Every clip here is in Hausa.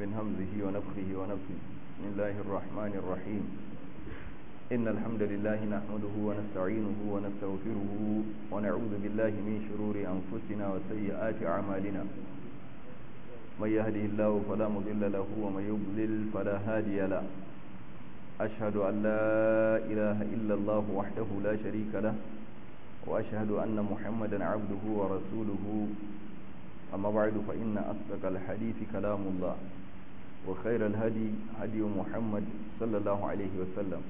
من همزه ونفخه ونفخه بسم الله الرحمن الرحيم إن الحمد لله نحمده ونستعينه ونستغفره ونعوذ بالله من شرور أنفسنا وسيئات أعمالنا من يهده الله فلا مضل له ومن يضلل فلا هادي له أشهد أن لا إله إلا الله وحده لا شريك له وأشهد أن محمدا عبده ورسوله أما بعد فإن أصدق الحديث كلام الله وخير الهدي هدي محمد صلى الله عليه وسلم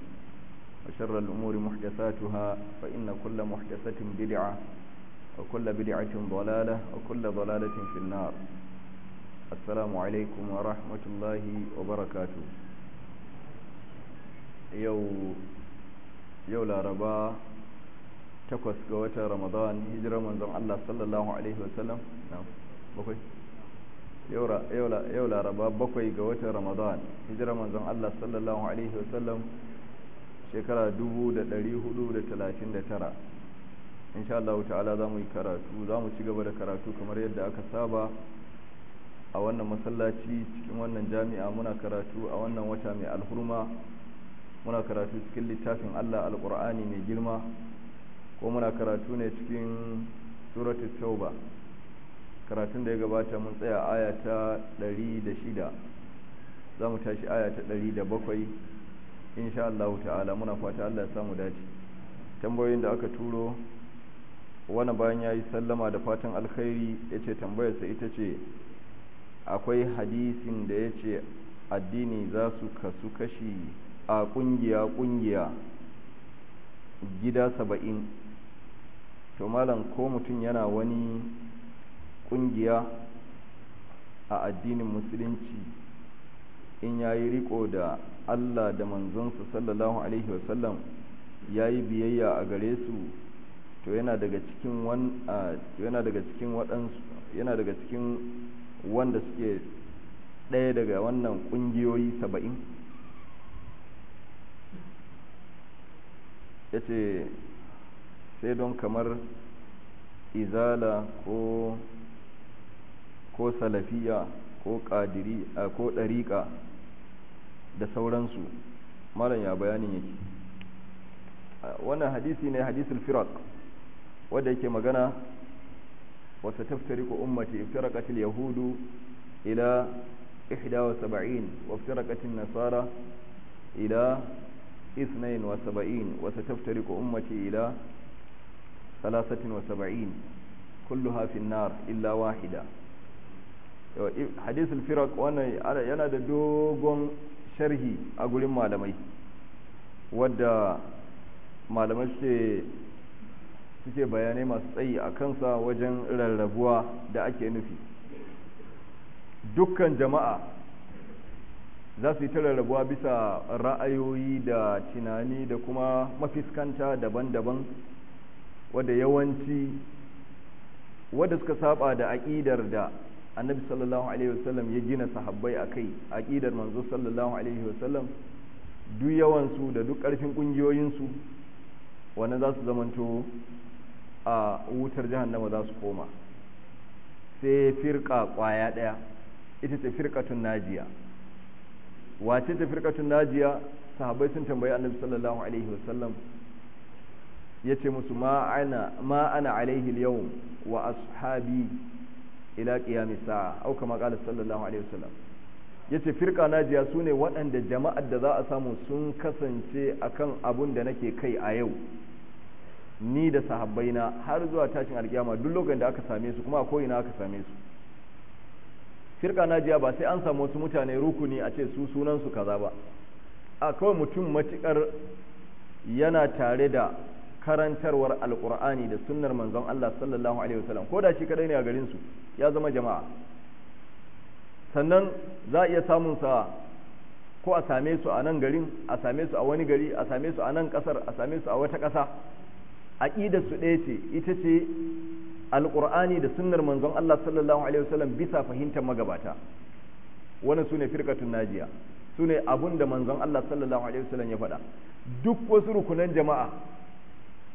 وشر الأمور محدثاتها فإن كل محدثة بدعة وكل بدعة ضلالة وكل ضلالة في النار السلام عليكم ورحمة الله وبركاته يو يو ربا تقوس قوة رمضان هجرة من الله صلى الله عليه وسلم نعم بكي yau laraba bakwai ga watan ramadan hijira manzan Allah sallallahu alaihi wasallam shekara 1439 insha Allah ta'ala za mu yi karatu za mu ci gaba da karatu kamar yadda aka saba a wannan masallaci cikin wannan jami'a muna karatu a wannan wata mai alhurma muna karatu cikin littafin Allah alkur'ani mai girma ko muna karatu ne cikin suratul tauba karatun da ya gabata mun tsaya aya ta 106 za mu tashi aya ta 107 insha Allah ta'ala muna fata Allah ya samu dace tambayoyin da aka turo wani bayan ya yi sallama da fatan alkhairi ya ce tambayarsa ita ce akwai hadisin da ya ce addini za su kasu kashi a kungiya-kungiya gida saba'in to malam ko mutum yana wani kungiya a addinin musulunci in ya yi riko da allah da manzonsa sallallahu alaihi wasallam ya yi biyayya a gare su to yana daga cikin wanda suke ɗaya daga wannan ƙungiyoyi saba'in ya ce sai don kamar izala ko ko salafiya ko ƙadiri ko ɗariƙa da sauransu malam ya bayanin yake wannan hadisi ne hadisul firak wanda yake magana wata taftariku ummati iftaraqatil yahudu ila 71 waftaraqatin nasara ila 72 وستفترق ummati ila 73 كلها في النار إلا واحدة hadisul firak wannan yana da dogon sharhi a gurin malamai wadda malamai suke suke bayanai masu tsayi a kansa wajen rarrabuwa da ake nufi dukkan jama'a za su yi ta rarrabuwa bisa ra'ayoyi da tunani da kuma mafiskanta daban-daban wadda yawanci wadda suka saba da aƙidar da annabi sallallahu alaihi wasallam ya gina sahabbai a kai aƙidar manzo sallallahu alaihi wasallam duk yawansu da duk ƙarfin ƙungiyoyinsu wanda za su zamanto a wutar jahannama za su koma sai firka kwaya ɗaya ita ce firkatun najiya wace ce firkatun najiya sahabbai sun tambayi annabi sallallahu alaihi wasallam ya ce musu ma ana alaihi yau wa ashabi ila qiyam sa'a au kama qala sallallahu alaihi wasallam yace firqa najiya sune waɗanda jama'ar da za a samu sun kasance akan abun da nake kai a yau ni da sahabbaina har zuwa tashin alkiyama duk lokacin da aka same su kuma a ina aka same su firqa najiya ba sai an samu wasu mutane rukuni a ce su sunan su kaza ba a kawai mutum matukar yana tare da karantarwar alkur'ani da sunnar manzon Allah sallallahu alaihi wasallam ko da shi kadai ne a garin su ya zama jama'a sannan za a iya samun sa ko a same su a nan garin a same su a wani gari a same su a nan kasar a same su a wata kasa aqidar su ɗaya ce ita ce alkur'ani da sunnar manzon Allah sallallahu alaihi wasallam bisa fahimtar magabata wannan sune firkatun najiya sune abun da manzon Allah sallallahu alaihi wasallam ya faɗa duk wasu rukunan jama'a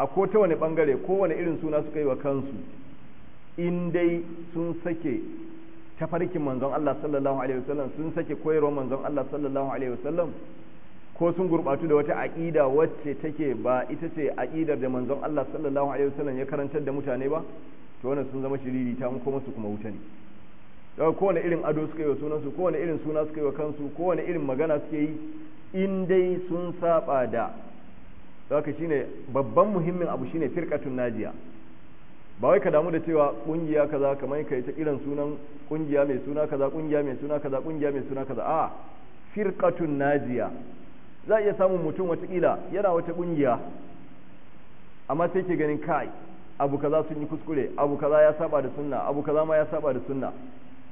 a ko ta wani bangare kowane irin suna suka yi wa kansu in dai sun sake tafarkin manzon Allah sallallahu alaihi wasallam sun sake koyarwa manzon Allah sallallahu alaihi wasallam ko sun gurbatu da wata aqida wacce take ba ita ce aqidar da manzon Allah sallallahu alaihi wasallam ya karantar da mutane ba to wannan sun zama shiriri ta kuma su kuma wuta ne daga kowane irin ado suka yi wa sunansu kowane irin suna suka yi wa kansu kowane irin magana suke yi in dai sun saba da saka shine babban muhimmin abu shine firqatun najiya ba wai ka damu da cewa kungiya kaza kamar kai ta irin sunan kungiya mai suna kaza kungiya mai suna kaza kungiya mai suna kaza a firqatun najiya za iya samun mutum wata kila yana wata kungiya amma sai ke ganin kai abu kaza sun yi kuskure abu kaza ya saba da sunna abu kaza ma ya saba da sunna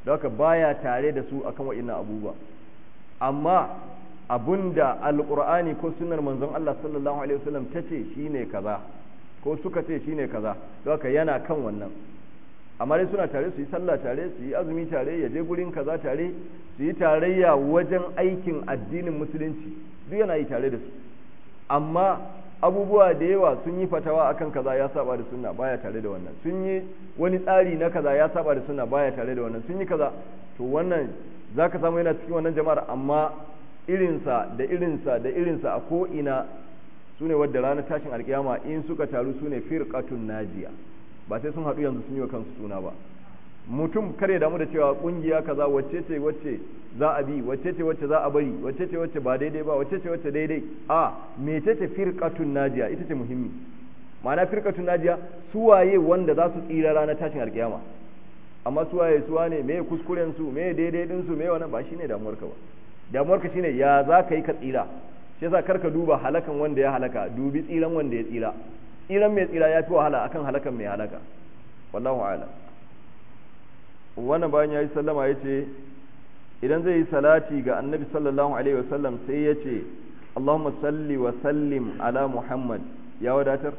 don haka baya tare da su akan wa'annan abubuwa amma abunda alqur'ani ko sunnar manzon Allah sallallahu alaihi wasallam tace shine kaza ko suka ce shine kaza don haka yana kan wannan amma dai suna tare su yi sallah tare su yi azumi tare ya je gurin kaza tare su yi tarayya wajen aikin addinin musulunci duk yana yi tare da su amma abubuwa da yawa sun yi fatawa akan kaza ya saba da sunna baya tare da wannan sun yi wani tsari na kaza ya saba da sunna baya tare da wannan sun yi kaza to wannan zaka samu yana cikin wannan jama'ar amma irinsa da irinsa da irinsa a ko'ina su ne wadda ranar tashin alkiyama in suka taru su ne firƙatun najiya ba sai sun haɗu yanzu sun yi wa kansu suna ba mutum kare damu da cewa ƙungiya kaza wacce ce wacce za a bi wacce ce wacce za a bari wacce ce wacce ba daidai ba wacce ce wacce daidai a mece ce firƙatun najiya ita ce muhimmi ma'ana firƙatun najiya suwaye wanda za su tsira ranar tashin alkiyama amma suwaye suwa ne me kuskuren su me daidai din su me wannan ba shine damuwarka ba damuwar ka shine ya za ka yi ka tsira shi yasa kar ka duba halakan wanda ya halaka dubi tsiran wanda ya tsira tsiran mai tsira ya fi wahala akan halakan mai halaka wallahu ala wannan bayan ya yi sallama ya ce idan zai yi salati ga annabi sallallahu alaihi wasallam sai ya ce allahumma salli wa sallim ala muhammad ya wadatar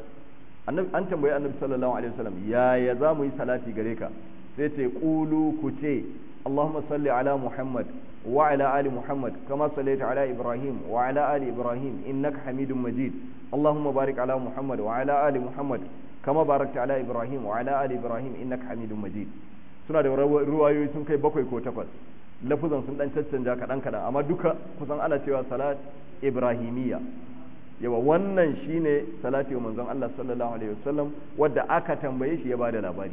an tambayi annabi sallallahu alaihi wasallam yaya za mu yi salati gare ka sai ce kulu ku ce اللهم صل على محمد وعلى آل محمد كما صليت على إبراهيم وعلى آل إبراهيم إنك حميد مجيد اللهم بارك على محمد وعلى آل محمد كما باركت على إبراهيم وعلى آل إبراهيم إنك حميد مجيد suna da ruwayoyi sun kai bakwai ko takwas lafuzan sun dan caccanja kaɗan kaɗan amma duka kusan ana cewa salat ibrahimiyya yawa wannan shine salati wa manzon Allah sallallahu alaihi wasallam wadda aka tambaye shi ya bada labari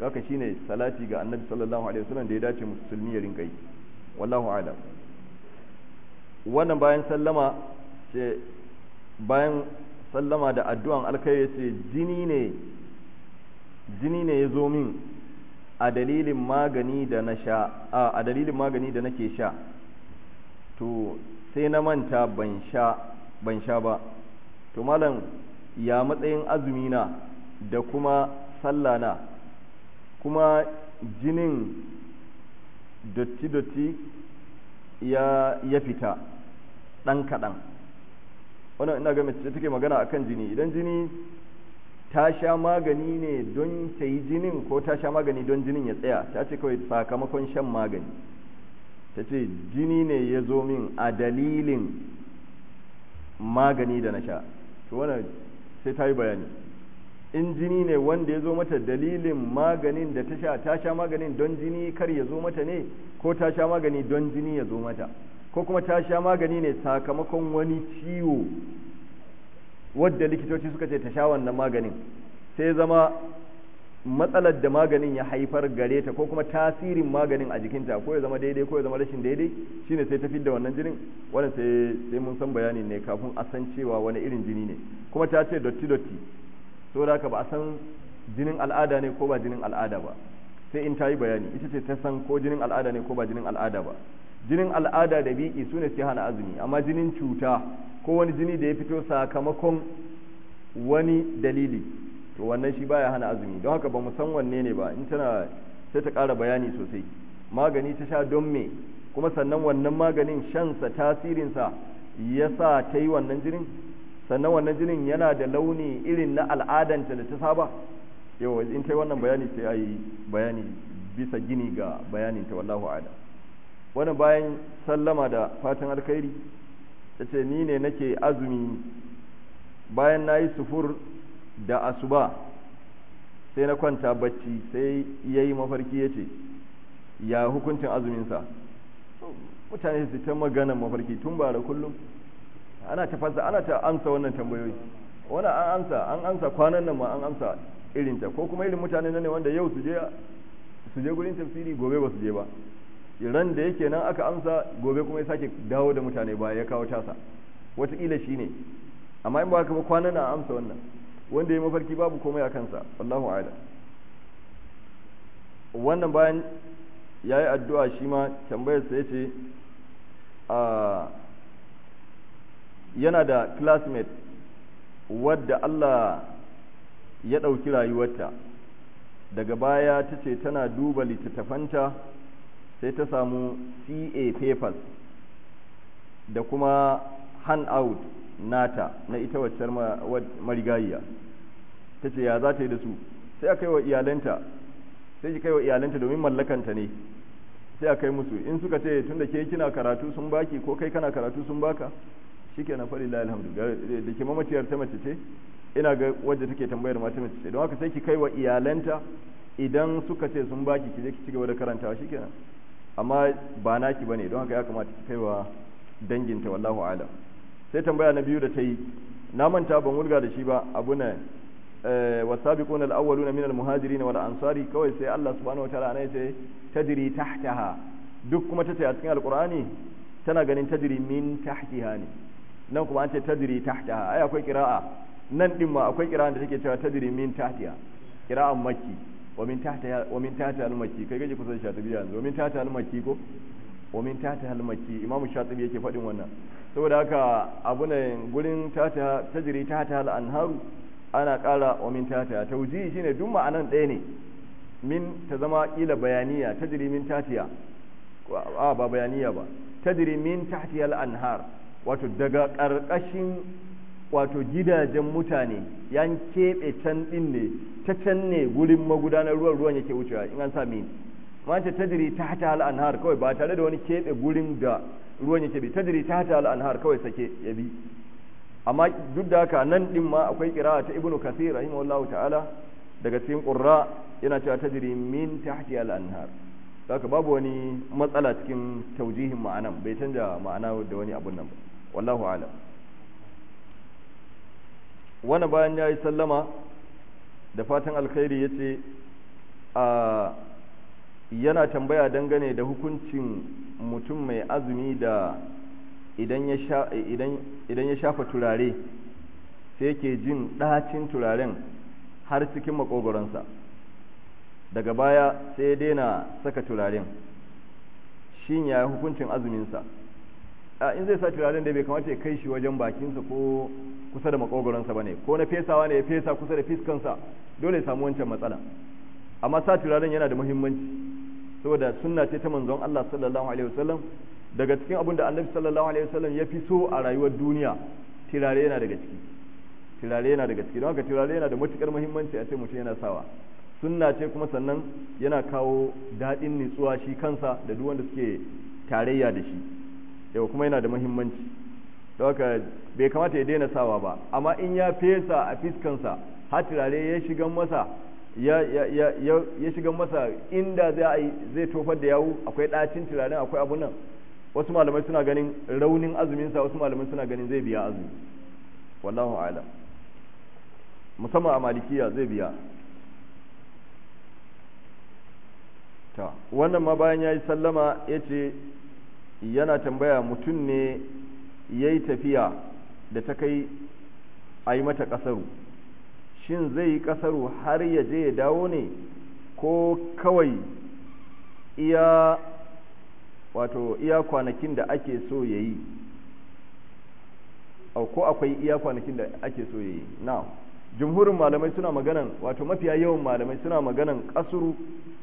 haka shine salati ga annabi sallallahu alaihi wasallam da ya dace musulmi ya rinka yi wallahu a'lam wannan bayan sallama ce bayan sallama da addu'an alkai ya ce jini ne jini ne ya zo min a dalilin magani da na sha a dalilin magani da nake sha to sai na manta ban sha ban sha ba to malam ya matsayin azumina da kuma na. kuma jinin dotti-dotti ya, ya fita ɗan kaɗan wannan ina ga mace take magana akan jini idan jini ta sha magani ne don ta yi jinin ko ta sha magani don jinin ya tsaya ta ce kawai sakamakon shan magani ta ce jini ne ya zo min a dalilin magani da na sha to wannan sai ta yi bayani in jini ne wanda ya zo mata dalilin maganin da ta sha ta sha maganin don jini kar ya zo mata ne ko ta sha magani don jini ya zo mata ko kuma ta sha magani ne sakamakon wani ciwo wadda likitoci suka ce ta sha wannan maganin sai zama matsalar da maganin ya haifar gare ta ko kuma tasirin maganin a jikinta ko ya zama daidai ko ya zama rashin daidai shine sai ta fidda wannan jinin wannan sai sai mun san bayanin ne kafin a san cewa wani irin jini ne kuma ta ce dotti dotti so da ka ba a san jinin al'ada ne ko ba jinin al'ada ba sai in ta yi bayani ita ce ta san ko jinin al'ada ne ko ba jinin al'ada ba jinin al'ada da biki su ne sai hana azumi amma jinin cuta ko wani jini da ya fito sakamakon wani dalili to wannan shi baya hana azumi don haka ba mu san wanne ne ba in tana sai ta kara bayani sosai magani ta sha don me kuma sannan wannan maganin shansa tasirinsa ya sa ta yi wannan jinin sannan wannan jinin yana da launi irin na al'adanta da ta saba yau in kai wannan bayani sai ayi bayani bisa gini ga bayanin ta wallahu a'lam wani bayan sallama da fatan alkhairi tace ni ne nake azumi bayan nayi sufur da asuba sai na kwanta bacci sai yayi mafarki yace ya hukuncin azumin sa mutane su ta magana mafarki tun ba da kullum ana ta fasa ana ta amsa wannan tambayoyi wani an amsa an amsa kwanan nan ma an amsa irinta ko kuma irin mutane ne wanda yau su je su je gurin tafsiri gobe ba su je ba iran da yake nan aka amsa gobe kuma ya sake dawo da mutane ba ya kawo tasa wataƙila shi ne amma in ba haka ba kwanan nan amsa wannan wanda ya mafarki babu komai a kansa wallahu a'lam wannan bayan ya yi addu'a shi ma tambayarsa ya ce a ah, yana da classmate wadda Allah ya ɗauki rayuwarta daga baya ta ce tana duba littattafanta sai ta samu ca papers da kuma out nata na ita waccar marigayya ta ce ya za ta yi da su sai aka yi wa iyalanta sai ji kai wa iyalanta domin mallakanta ne sai aka yi musu in suka ce tun da ke kina karatu sun baki ko kai kana karatu sun baka shikenan faɗi la alhamdu da ke mamaciyar ta mace ce ina ga wadda take tambayar mata mace ce don haka sai ki kai wa iyalanta idan suka ce sun baki ki je ki cigaba da karantawa shikenan amma ba naki bane don haka ya kamata ki kai wa danginta wallahu alam sai tambaya na biyu da ta yi na manta ban wurga da shi ba abu na eh, wasabiquna alawwaluna min na wani ansari kawai sai Allah subhanahu wataala ne sai tadri tahtaha duk kuma ce a cikin alqur'ani tana ganin tadri min tahtiha ne nan kuma an ce tadri tahta ai akwai qira'a nan din ma akwai qira'a da take cewa tadri min tahtiya qira'an makki wa min tahta wa min tahta al-makki kai gaje kusan shatibi yanzu wa min tahta al-makki ko wa min tahta al-makki imam shatibi yake fadin wannan saboda haka abu ne gurin tahta tajri tahta al anhar ana kara wa min tahta tawjihi shine duk ma'anan ɗaya ne min ta zama ila bayaniya tajri min tahtiha a ba bayaniya ba tajri min tahtiya al-anhar wato daga ƙarƙashin wato gidajen mutane yan keɓe can ɗin ne ta can ne gurin magudanar ruwan ruwan yake wucewa in an sami mace tadiri ta hata hal anhar kawai ba tare da wani keɓe gurin da ruwan yake bi tadiri ta hata hal anhar kawai sake ya bi amma duk da haka nan ɗin ma akwai ƙira'a ta ibnu kasir rahimahullahu ta'ala daga cikin ƙurra yana cewa tadiri min tahti al anhar haka babu wani matsala cikin taujihin ma'anan bai canja ma'ana da wani abun nan ba wallahu alam wani bayan ya yi sallama da fatan alkhairi ya ce a yana tambaya dangane da hukuncin mutum mai azumi da idan ya shafa turare sai ke jin ɗacin turaren har cikin makogoronsa daga baya sai ya daina saka turaren shi ya yi hukuncin azuminsa in zai sa turaren da bai kamata ya kai shi wajen bakinsa ko kusa da makogoronsa ba ne ko na fesawa ne ya fesa kusa da fiskansa dole ya samu wancan matsala amma sa turaren yana da muhimmanci saboda sunna ce ta manzon Allah sallallahu alaihi wasallam daga cikin abin da annabi sallallahu alaihi wasallam ya fi so a rayuwar duniya turare yana daga ciki turare yana daga ciki don haka turare yana da matukar muhimmanci a ce mutum yana sawa sunna ce kuma sannan yana kawo daɗin nutsuwa shi kansa da duk wanda suke tarayya da shi yau kuma yana da muhimmanci don haka bai kamata ya daina sawa ba amma in ya fesa a fiskansa har turare ya shigan masa ya ya ya ya shiga masa inda zai tofar da yawu akwai ɗacin turaren akwai abun nan wasu malamai suna ganin raunin azuminsa wasu malamai suna ganin zai biya azumi wallahu a'ala musamman a malikiya zai biya ta wannan ma bayan ya yi sallama ya ce yana tambaya mutum ne ya yi tafiya da ta kai a yi mata ƙasaru shin zai yi ƙasaru har ya je ya dawo ne ko kawai iya wato iya kwanakin da ake so ya yi ko akwai iya kwanakin da ake so ya yi na jumhurin malamai suna maganan wato mafiya yawan malamai suna maganan ƙasuru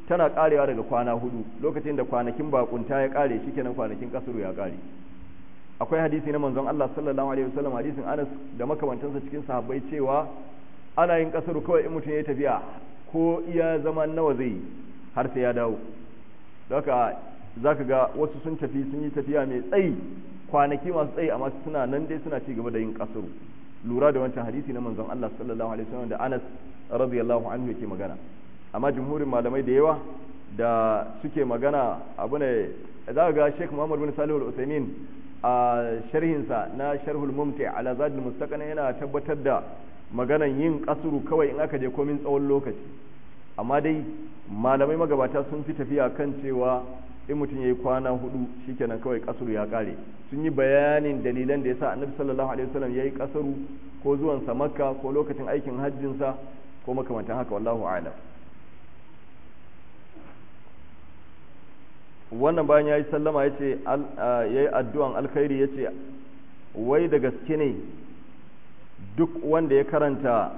tana karewa daga kwana hudu lokacin da kwanakin bakunta ya kare kenan kwanakin kasuru ya kare akwai hadisi na manzon Allah sallallahu alaihi wasallam hadisin Anas da makamantansa cikin sahabbai cewa ana yin kasuru kawai in mutum ya tafiya ko iya zaman nawa zai har sai ya dawo haka zaka ga wasu sun tafi sun yi tafiya mai tsayi kwanaki masu tsayi amma suna nan dai suna ci gaba da yin kasuru lura da wancan hadisi na manzon Allah sallallahu alaihi wasallam da Anas radiyallahu anhu yake magana amma jumhurin malamai da yawa da suke magana abu ne za ga Sheikh Muhammad bin Salih al a sharhinsa na Sharhul Mumti ala Zadul Mustaqani yana tabbatar da maganan yin kasuru kawai in aka je komin tsawon lokaci amma dai malamai magabata sun fi tafiya kan cewa in mutum ya yi kwana hudu shikenan kawai kasuru ya kare sun yi bayanin dalilan da ya yasa Annabi sallallahu alaihi wasallam yayi kasuru ko zuwan sa Makka ko lokacin aikin hajjinsa ko makamantan haka wallahu a'lam wannan bayan ya yi sallama ya ce ya yi addu'an alkhairi ya ce wai da gaske ne duk wanda ya karanta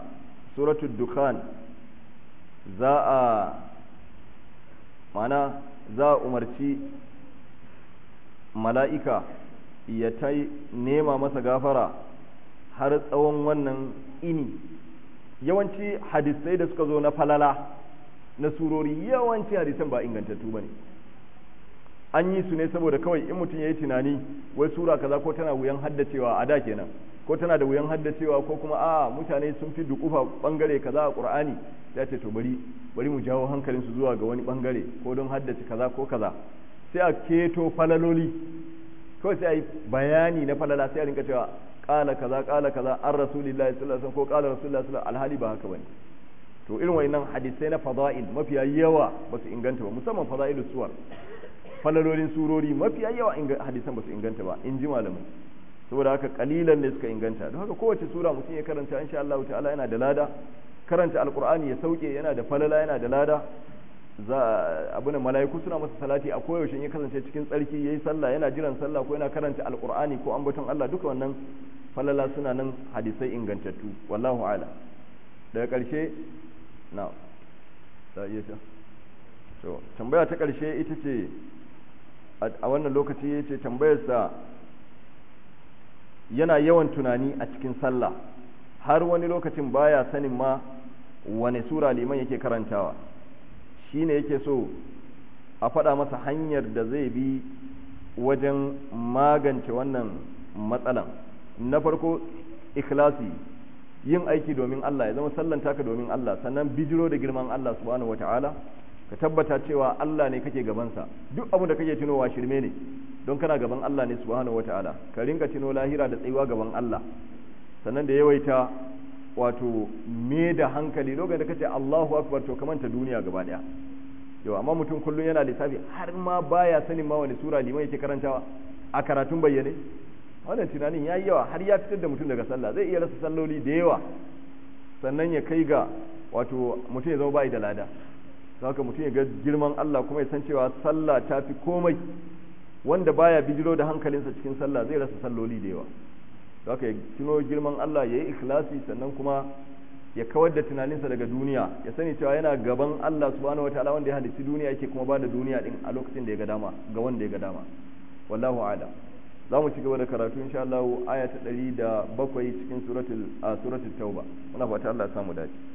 suratun dukkan za a mana za a umarci mala'ika ya ta nema masa gafara har tsawon wannan ini yawanci hadisai da suka zo na falala na surori yawanci hadisan ba ingantattu ba ne an yi su ne saboda kawai in mutum ya yi tunani wai sura kaza ko tana wuyan haddacewa a da kenan ko tana da wuyan haddacewa ko kuma a mutane sun fi dukufa bangare kaza a qur'ani ya ce to bari bari mu jawo hankalin su zuwa ga wani bangare ko don haddace kaza ko kaza sai a keto falaloli kawai sai a yi bayani na falala sai a rinka cewa kala kaza kala kaza an rasulillahi sallallahu alaihi wasallam ko kala rasulullahi sallallahu alaihi alhali ba haka bane to irin wayannan hadisai na fada'il mafiya yawa ba su inganta ba musamman fada'ilus suwar falalolin surori mafi yawa hadisan ba su inganta ba in ji malamai saboda haka kalilan ne suka inganta don haka kowace sura mutum ya karanta insha Allah ta'ala yana da lada karanta alqur'ani ya sauke yana da falala yana da lada za abuna mala'iku suna masa salati a koyaushe ya kasance cikin tsarki yayi sallah yana jiran sallah ko yana karanta alqur'ani ko ambaton Allah duka wannan falala suna nan hadisai ingantattu wallahu a'lam daga karshe na iya ta to tambaya ta karshe ita ce a wannan lokaci ya ce tambayarsa yana yawan tunani a cikin sallah har wani lokacin baya sanin ma wane sura liman yake karantawa shi ne yake so a faɗa masa hanyar da zai bi wajen magance wannan matsalan na farko ikhlasi yin aiki domin Allah ya zama sallanta ka domin Allah sannan bijiro da girman Allah subhanahu wata'ala ka tabbata cewa Allah ne kake gabansa duk abin da kake tunowa shirme ne don kana gaban Allah ne subhanahu wataala ka rinka tuno lahira da tsayuwa gaban Allah sannan da yawaita wato me da hankali lokacin da kace Allahu akbar to kaman manta duniya gaba daya yau amma mutum kullun yana lissafi har ma baya sanin ma wani sura liman yake karantawa a karatun bayyane wannan tunanin yayi yawa har ya fitar da mutum daga sallah zai iya rasa salloli da yawa sannan ya kai ga wato mutum ya zama bai da lada haka mutum ya ga girman Allah kuma ya san cewa sallah ta fi komai wanda baya bijiro da hankalinsa cikin sallah zai rasa salloli da yawa haka ya tuno girman Allah ya yi ikhlasi sannan kuma ya kawar da tunaninsa daga duniya ya sani cewa yana gaban Allah subhanahu wataala wanda ya halicci duniya yake kuma ba da duniya din a lokacin da ya ga dama ga wanda ya ga dama wallahu a'lam za mu ci gaba da karatu insha Allah aya ta 107 cikin suratul suratul tauba muna fata Allah ya samu dace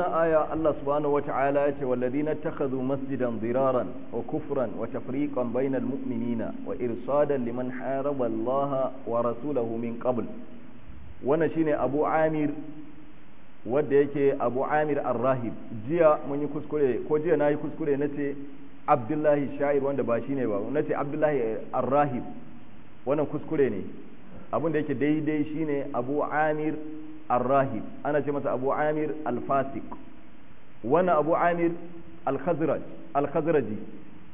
wannan aya Allah subhanahu wata'ala ya ce walladina takhadhu masjidan diraran wa kufran wa tafriqan bainal mu'minina wa irsadan liman haraba Allah wa rasulahu min qabl wannan shine Abu Amir wanda yake Abu Amir Ar-Rahib jiya mun yi kuskure ko jiya nayi kuskure nace Abdullahi Sha'ir wanda ba shine ba nace Abdullahi Ar-Rahib wannan kuskure ne abin da yake daidai shine Abu Amir Ar-Rahib ana ce masa abu amir al-fasik wannan abu amir al-khazraji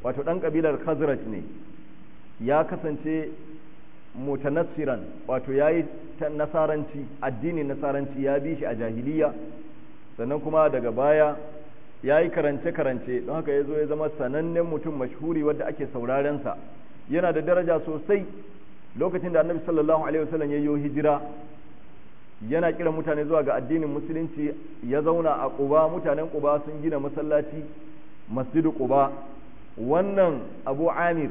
wato ɗan kabilar khazraj ne ya kasance mutanassiran wato ya yi nasaranci addinin nasaranci ya bi shi a jahiliya sannan kuma daga baya ya yi karance-karance don haka ya zo ya zama sanannen mutum mashhuri wadda ake saurarensa yana da daraja sosai lokacin da annabi sallallahu alaihi wasallam ya yi hijira yana kiran mutane zuwa ga addinin musulunci ya zauna a Quba mutanen Quba sun gina masallaci Masjidu Quba wannan Abu Amir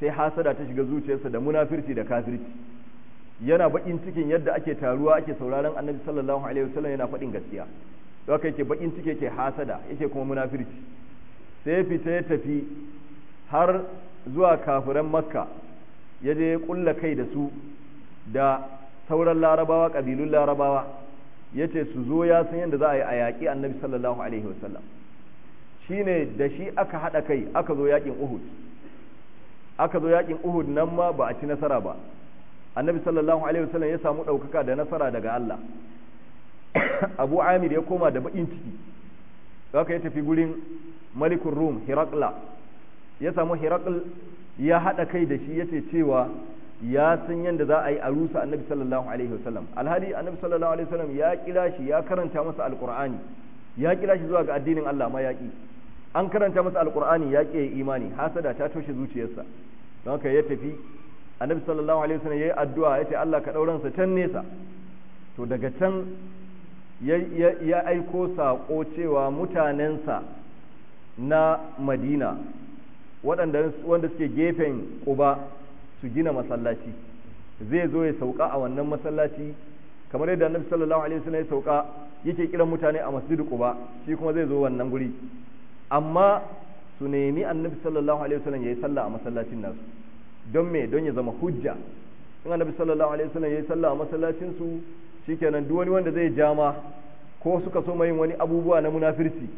sai hasada ta shiga zuciyarsa da munafirci da kafirci yana baƙin cikin yadda ake taruwa ake sauraron Annabi sallallahu alaihi wasallam yana faɗin gaskiya haka yake bakin ciki yake hasada yake kuma munafirci sai fita ya tafi har zuwa kafiran Makka ya je kulla kai da su da sauran larabawa kabilun larabawa ya ce su zo ya san yadda za a yi a yaƙi annabi sallallahu alaihi wasallam shi ne da shi aka haɗa kai aka zo yaƙin uhud aka zo yaƙin uhud nan ma ba a ci nasara ba annabi sallallahu alaihi wasallam ya samu ɗaukaka da nasara daga allah abu amir ya koma da baƙin ciki haka ya tafi gurin malikun rum hirakla ya samu hirakl ya haɗa kai da shi ya ce cewa ya san yadda za a yi a rusa annabi sallallahu alaihi wasallam alhali annabi sallallahu alaihi wasallam ya kira shi ya karanta masa alqur'ani ya kira shi zuwa ga addinin Allah ma yaki an karanta masa alqur'ani ya ƙi imani hasada ta toshe zuciyarsa don haka ya tafi annabi sallallahu alaihi wasallam yi addu'a ya ce Allah ka ɗauran sa can nesa to daga can ya aiko saƙo cewa mutanensa na madina waɗanda wanda suke gefen ƙuba su gina masallaci zai zo ya sauka a wannan masallaci kamar yadda annabi sallallahu alaihi wasallam ya sauka yake kiran mutane a masjid quba shi kuma zai zo wannan guri amma su nemi annabi sallallahu alaihi wasallam yayi sallah a masallacin nasu don me don ya zama hujja in annabi sallallahu alaihi wasallam yayi sallah a masallacin su shikenan duk wani wanda zai jama ko suka so mai wani abubuwa na munafirci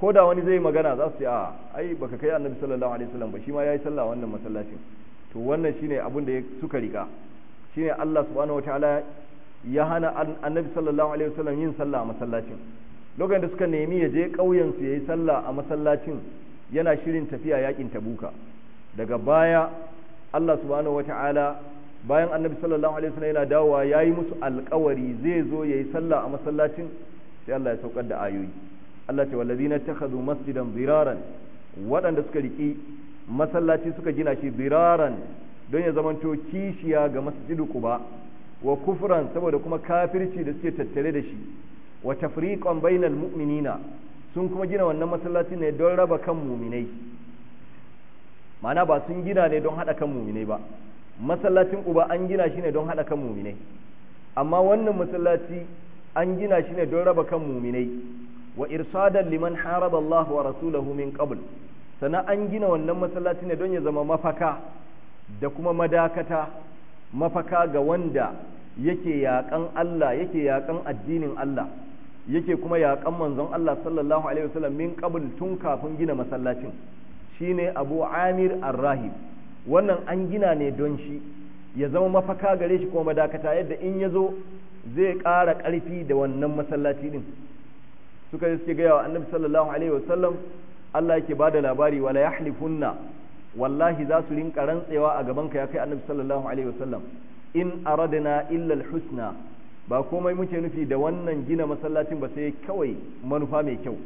ko da wani zai magana za su ce a ai baka kai annabi sallallahu alaihi wasallam ba shi ma yayi sallah wannan masallacin to wannan shine abin da suka rika shine Allah subhanahu wataala ya hana annabi sallallahu alaihi wasallam yin sallah a masallacin lokacin da suka nemi ya je ƙauyen su yayi sallah a masallacin yana shirin tafiya yakin tabuka daga baya Allah subhanahu wataala bayan annabi sallallahu alaihi wasallam yana dawowa yayi musu alƙawari zai zo yayi sallah a masallacin sai Allah ya saukar da ayoyi Allah ce wallazina takhadhu masjidan ziraran waɗanda suka riki masallaci suka gina shi biraran don ya zamanto kishiya ga masjidu quba wa kufran saboda kuma kafirci da suke tattare da shi wa tafriqan bainal mu'minina sun kuma gina wannan masallaci ne don raba kan muminai ma'ana ba sun gina ne don haɗa kan muminai ba masallacin uba an gina shi ne don haɗa kan muminai amma wannan masallaci an gina shi ne don raba kan muminai wa irsadan liman haraba allahu wa rasulahu min qabl sana an gina wannan masallaci ne don ya zama mafaka da kuma madakata mafaka ga wanda yake yaƙan Allah yake yaƙan addinin Allah yake kuma yaƙan manzon Allah sallallahu alaihi wasallam min qabl tun kafin gina masallacin shine Abu Amir Ar-Rahib wannan an gina ne don shi ya zama mafaka gare shi kuma madakata yadda in ya zo zai ƙara ƙarfi da wannan masallaci din suka yi suke gaya wa annabi sallallahu alaihi wasallam Allah yake bada labari wala yahlifunna wallahi za su rinka rantsewa a gaban ka ya kai annabi sallallahu alaihi wasallam in aradna illa alhusna ba komai muke nufi da wannan gina masallacin ba sai kawai manufa mai kyau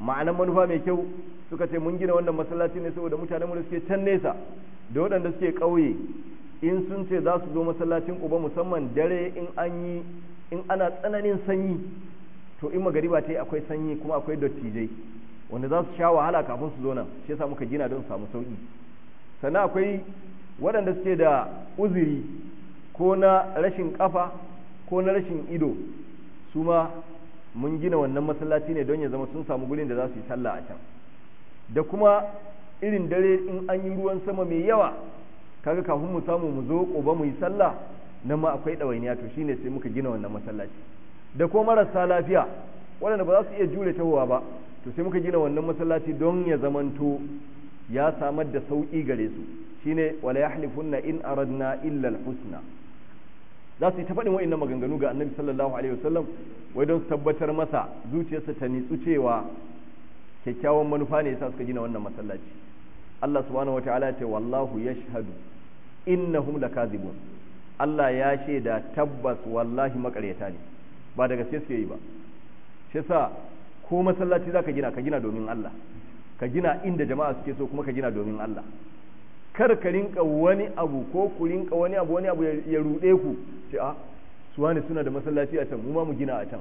ma'anan manufa mai kyau suka ce mun gina wannan masallaci ne saboda mutanen mu da suke can nesa da waɗanda suke ƙauye in sun ce za su zo masallacin uba musamman dare in an yi in ana tsananin sanyi to in magariba ta yi akwai sanyi kuma akwai dattijai wanda za su sha wahala kafin su zo nan shi yasa muka gina don samu sauki sannan akwai waɗanda suke da uzuri ko na rashin kafa ko na rashin ido su ma mun gina wannan masallaci ne don ya zama sun samu gurin da za su yi sallah a can da kuma irin dare in an yi ruwan sama mai yawa kaga kafin mu samu mu zo ƙoba mu yi sallah nan ma akwai ɗawainiya to shine sai muka gina wannan masallaci da ko marasa lafiya waɗanda ba za su iya jure tahowa ba to sai muka gina wannan masallaci don ya zamanto ya samar da sauƙi gare su shine wala yahlifunna in aradna illa alhusna za su yi ta faɗin wa'annan maganganu ga annabi sallallahu alaihi wasallam wai don su tabbatar masa zuciyarsa ta nitsu cewa kyakkyawan manufa ne yasa suka gina wannan masallaci Allah subhanahu wataala ya ce wallahu yashhadu innahum lakazibun Allah ya shaida tabbas wallahi makaryata ne ba da gaske suke yi ba shi yasa ko masallaci zaka gina ka gina domin Allah ka gina inda jama'a suke so kuma ka gina domin Allah kar ka rinka wani abu ko ku rinka wani abu wani abu ya rude ku ce a ah, su wani suna da masallaci a can mu ma mu gina a can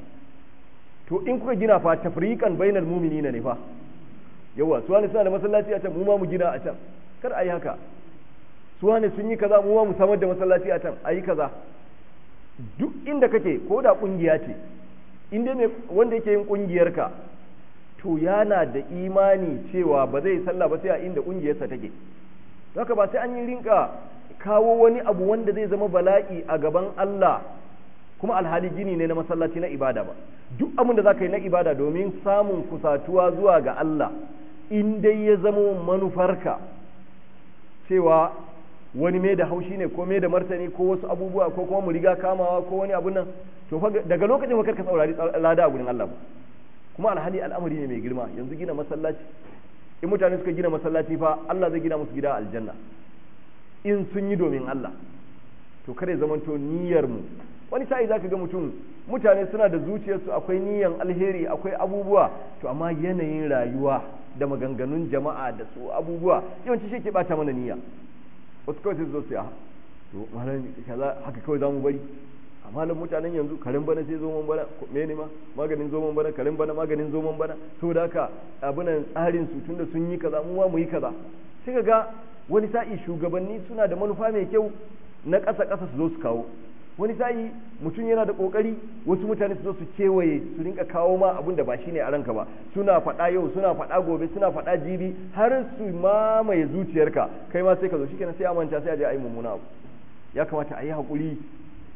to in kuka gina fa tafriqan bainal mu'minina ne fa yawa su wani suna da masallaci a can mu ma mu gina a can kar a yi haka su wani sun yi kaza mu ma mu samar da masallaci a can Ayi kaza duk inda kake ko da kungiya ce inda dai wanda yake yin kungiyarka to yana da imani cewa ba zai sallah ba sai a inda kungiyarsa take haka ba sai an yi rinka kawo wani abu wanda zai zama bala'i a gaban Allah kuma alhali gini ne na masallaci na ibada ba duk abin da zaka yi na ibada domin samun kusatuwa zuwa ga Allah in dai ya zama manufarka cewa wani mai da haushi ne ko mai da martani ko wasu abubuwa ko kuma mu riga kamawa ko wani abun nan to daga lokacin ba karka saurari lada a gurin Allah ba kuma alhali al'amari ne mai girma yanzu gina masallaci in mutane suka gina masallaci fa Allah zai gina musu gida aljanna in sun yi domin Allah to kada ya zamanto niyyar mu wani sa'i zaka ga mutum mutane suna da zuciyarsu akwai niyyar alheri akwai abubuwa to amma yanayin rayuwa da maganganun jama'a da su abubuwa yawanci shi ke bata mana niyya wasu kawai sai su zo su ah, to malam kaza haka kawai zamu bari a malam mutanen yanzu karin bana sai zoman bana me ne ma maganin zoman bana karin bana maganin zoman bana saboda haka abunan tsarin su tunda sun yi kaza mu ma mu yi kaza sai ga wani sa'i shugabanni suna da manufa mai kyau na ƙasa ƙasa su zo su kawo wani sa'i mutum yana da kokari wasu mutane su zo su kewaye su rinka kawo ma abin da ba shine a ranka ba suna faɗa yau suna faɗa gobe suna faɗa jibi har su mamaye zuciyarka kai ma sai ka zo shikenan sai a manta sai a je a yi mummuna abu ya kamata a yi hakuri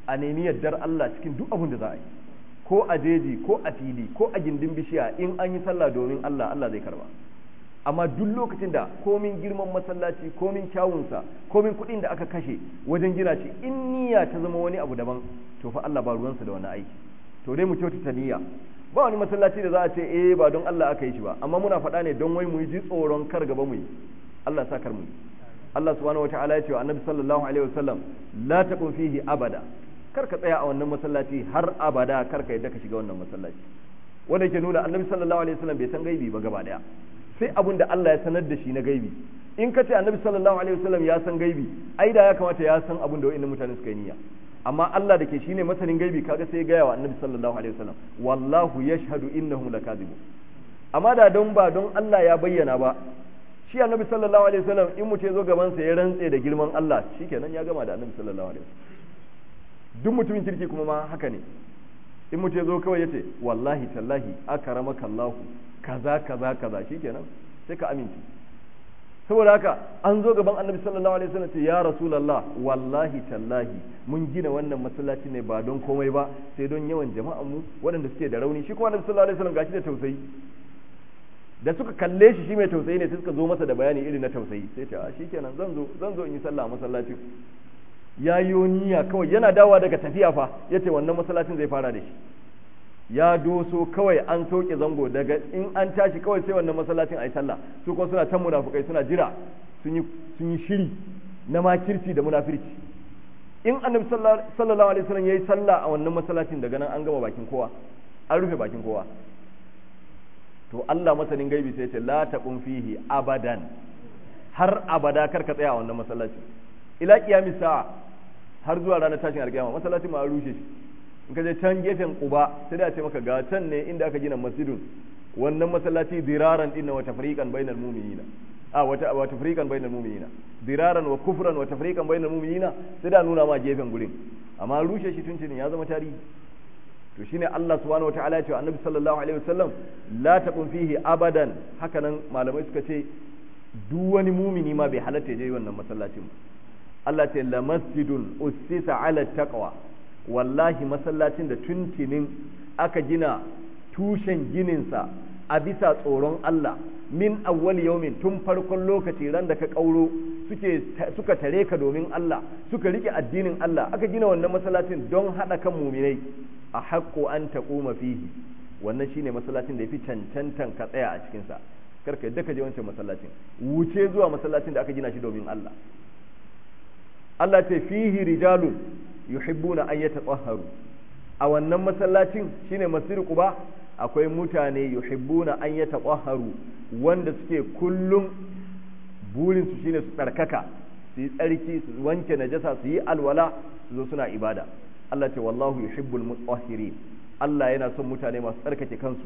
a nemi yardar Allah cikin duk abun da za a yi ko a jeji ko a fili ko a gindin bishiya in an yi sallah domin Allah Allah zai karba amma duk lokacin da komin girman masallaci komin kyawunsa komin kuɗin da aka kashe wajen gina shi in niyya ta zama wani abu daban to fa Allah ba ruwansa da wani aiki to dai mu kyautata niyya ba wani masallaci da za a ce eh ba don Allah aka yi shi ba amma muna faɗa ne don wai mu ji tsoron kar gaba mu yi Allah sa kar mu yi Allah subhanahu wataala ya ce wa annabi sallallahu alaihi wasallam la taqum fihi abada kar ka tsaya a wannan masallaci har abada kar ka yadda ka shiga wannan masallaci wanda ke nuna annabi sallallahu alaihi wasallam bai san gaibi ba gaba daya sai abin da Allah ya sanar da shi na gaibi in ka ce annabi sallallahu alaihi wasallam ya san gaibi ai da ya kamata ya san abin da wa'annan mutane suka yi niyya amma Allah da ke shine masanin gaibi kaga sai ya gaya wa annabi sallallahu alaihi wasallam wallahu yashhadu innahum lakadibun amma da don ba don Allah ya bayyana ba shi annabi sallallahu alaihi wasallam in mutum ya zo gaban sa ya rantse da girman Allah shikenan ya gama da annabi sallallahu alaihi wasallam duk mutumin kirki kuma ma haka ne in mutum ya zo kawai ya ce wallahi tallahi akaramaka kallahu kaza kaza kaza shikenan sai ka amince saboda haka an zo gaban annabi sallallahu alaihi wasallam ce ya rasulullah wallahi tallahi mun gina wannan masallaci ne ba don komai ba sai don yawan jama'an mu waɗanda suke da rauni shi kuma annabi sallallahu alaihi wasallam gashi da tausayi da suka kalle shi shi mai tausayi ne sai suka zo masa da bayani irin na tausayi sai ta a ah, shikenan zan zo zan zo in yi sallah a masallacin ya yi niyya kawai yana dawa daga tafiya fa ya ce wannan masalacin zai fara da shi ya doso kawai an sauke zango daga in an tashi kawai sai wannan masalacin a yi sallah su kuma suna can munafukai suna jira sun yi shiri na makirci da munafirci in annabi sallallahu alaihi wasallam yayi sallah a wannan masallacin daga nan an gama bakin kowa an rufe bakin kowa to Allah masanin gaibi sai ce la taqum fihi abadan har abada kar ka tsaya a wannan masallaci ila qiyamis sa'a har zuwa ranar tashin alkiyama masallacin ma an rushe shi in ka je can gefen Quba sai da ce maka ga can ne inda aka gina masjidun wannan masallaci diraran din wa tafriqan bainal mu'minina a wa tafriqan bainal mu'minina diraran wa kufran wa tafriqan bainal mu'minina sai da nuna ma gefen gurin amma rushe shi tun ya zama tarihi to shine Allah subhanahu wataala ya ce annabi sallallahu alaihi wasallam la taqum fihi abadan hakanan malamai suka ce duk wani mumini ma bai halatta je wannan masallacin ba Allah ce la masjidun ussisa ala taqwa wallahi masallacin da tuntunin aka gina tushen gininsa a bisa tsoron Allah min awwal yaumin tun farkon lokaci ran da ka kauro suke suka tare ka domin Allah suka rike addinin Allah aka gina wannan masallacin don hada kan muminai a haqqo an taquma fihi wannan shine masallacin da yafi cancantan ka tsaya a cikin sa karka yadda ka je wancan masallacin wuce zuwa masallacin da aka gina shi domin Allah Allah ce fihi rijalun yuhibbuna an yatatahharu a wannan masallacin shine masjid quba akwai mutane yuhibbuna an yatatahharu wanda suke kullum burin su shine su tsarkaka su yi tsarki su wanke najasa su yi alwala su zo suna ibada Allah ta wallahu yuhibbul mutahhirin Allah yana son mutane masu tsarkake kansu